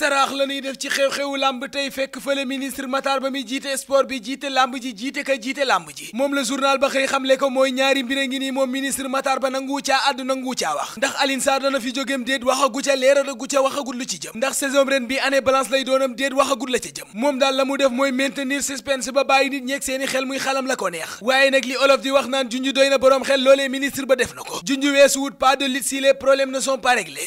saraax la ñuy def ci xew-xewu lamb tey fekk fële ministre Matar ba mi jiite sport bi jiite lamb ji jiite ka jiite lamb ji moom la journal ba xëy xamle ko mooy ñaari mbir a ngi nii moom ministre Matar ba nangu caa àddu nangu caa wax ndax Alioune Sarr dana fi jógeem déet waxagu ca leeralagu ca waxagul lu ci jëm ndax saison ren bi année balance lay doonam déet waxagul la ca jëm moom daal la mu def mooy maintenir suspense ba bàyyi nit ñeeg seeni xel muy xalam la ko neex waaye nag li olof di wax naan junj doy na boroom xel loolee ministre ba def na ko junj weesu wut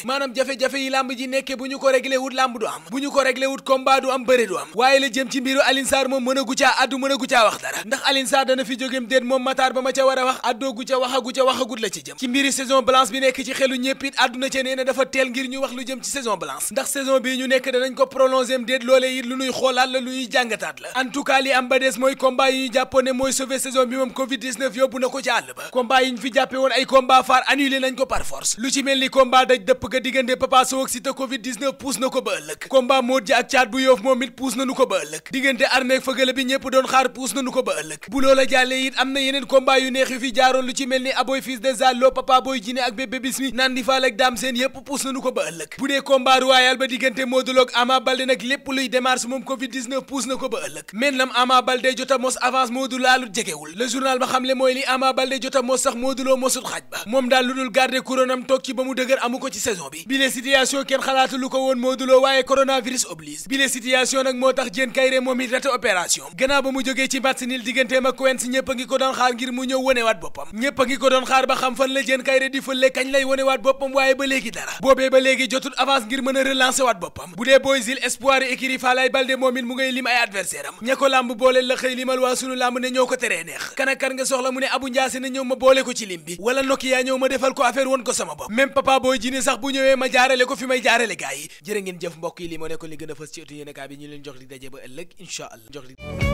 maanaam jafe-jafe yi lamb ji nekkee bu ñu ko réglé du bu ñu ko réglé wut du am bëre du am waaye la jëm ci mbiru Alioune moom mën gu caa addu mën gu caa wax dara ndax Alioune dana fi jógeem déet moom Matar ba ma ca war a wax addoo ca wax ca waxagut la ci jëm ci mbiri saison blanche bi nekk ci xelu ñëpp it àdduna ca nee dafa teel ngir ñu wax lu jëm ci saison blanche ndax saison bii ñu nekk danañ ko prolongé déet loolee it lu ñuy xoolaat la lu ñuy jàngataat la en am ba des mooy ëllëg combat Modou Dia ak caat bu yoof moom it puus nañu ko ba ëllëg diggante armée ak fëgale bi ñëpp doon xaar puus nañu ko ba ëllëg bu loola jàllee it am na yeneen combat yu neex yu fi jaaroon lu ci mel ni aboy fils de zallo papa boy jine ak bébé bismi naan di ak daam seen yépp puus nañu ko ba ëllëg bu dee combat royal ba diggante Modou Lo ak nag lépp luy démarche moom covid 19 puus na ko ba ëllëg men lam Ama Baldé jota mos avance Modou waaye coronavirus oblige bile situation nag moo tax Diène Kairé moom it raté opération gannaaw ba mu jógee ci match nil digganteem ak Queens ñëpp a ngi ko doon xaar ngir mu ñëw wonewaat boppam ñëpp a ngi ko doon xaar ba xam fan la Diène Kairé di fële kañ lay wonewaat boppam waaye ba léegi dara boobee ba léegi jotul avance ngir mën a relancer waat boppam bu dee Boys Hill espoir yi écurie Falaye Baldé moom it mu ngay lim ay adversaire am ña ko làmb boole ne ñoo ko teree neex kan ak kan boole ko ci lim bi wala Nokia ñëw ma defal ko affaire woon ko sama bopp même papa booy jine sax bu ñëwee ma mbokk yi li moo nekkoon li gën a fës ci ëttu yéenekaay bi ñu leen jox di daje ba ëllëg incha allah jox di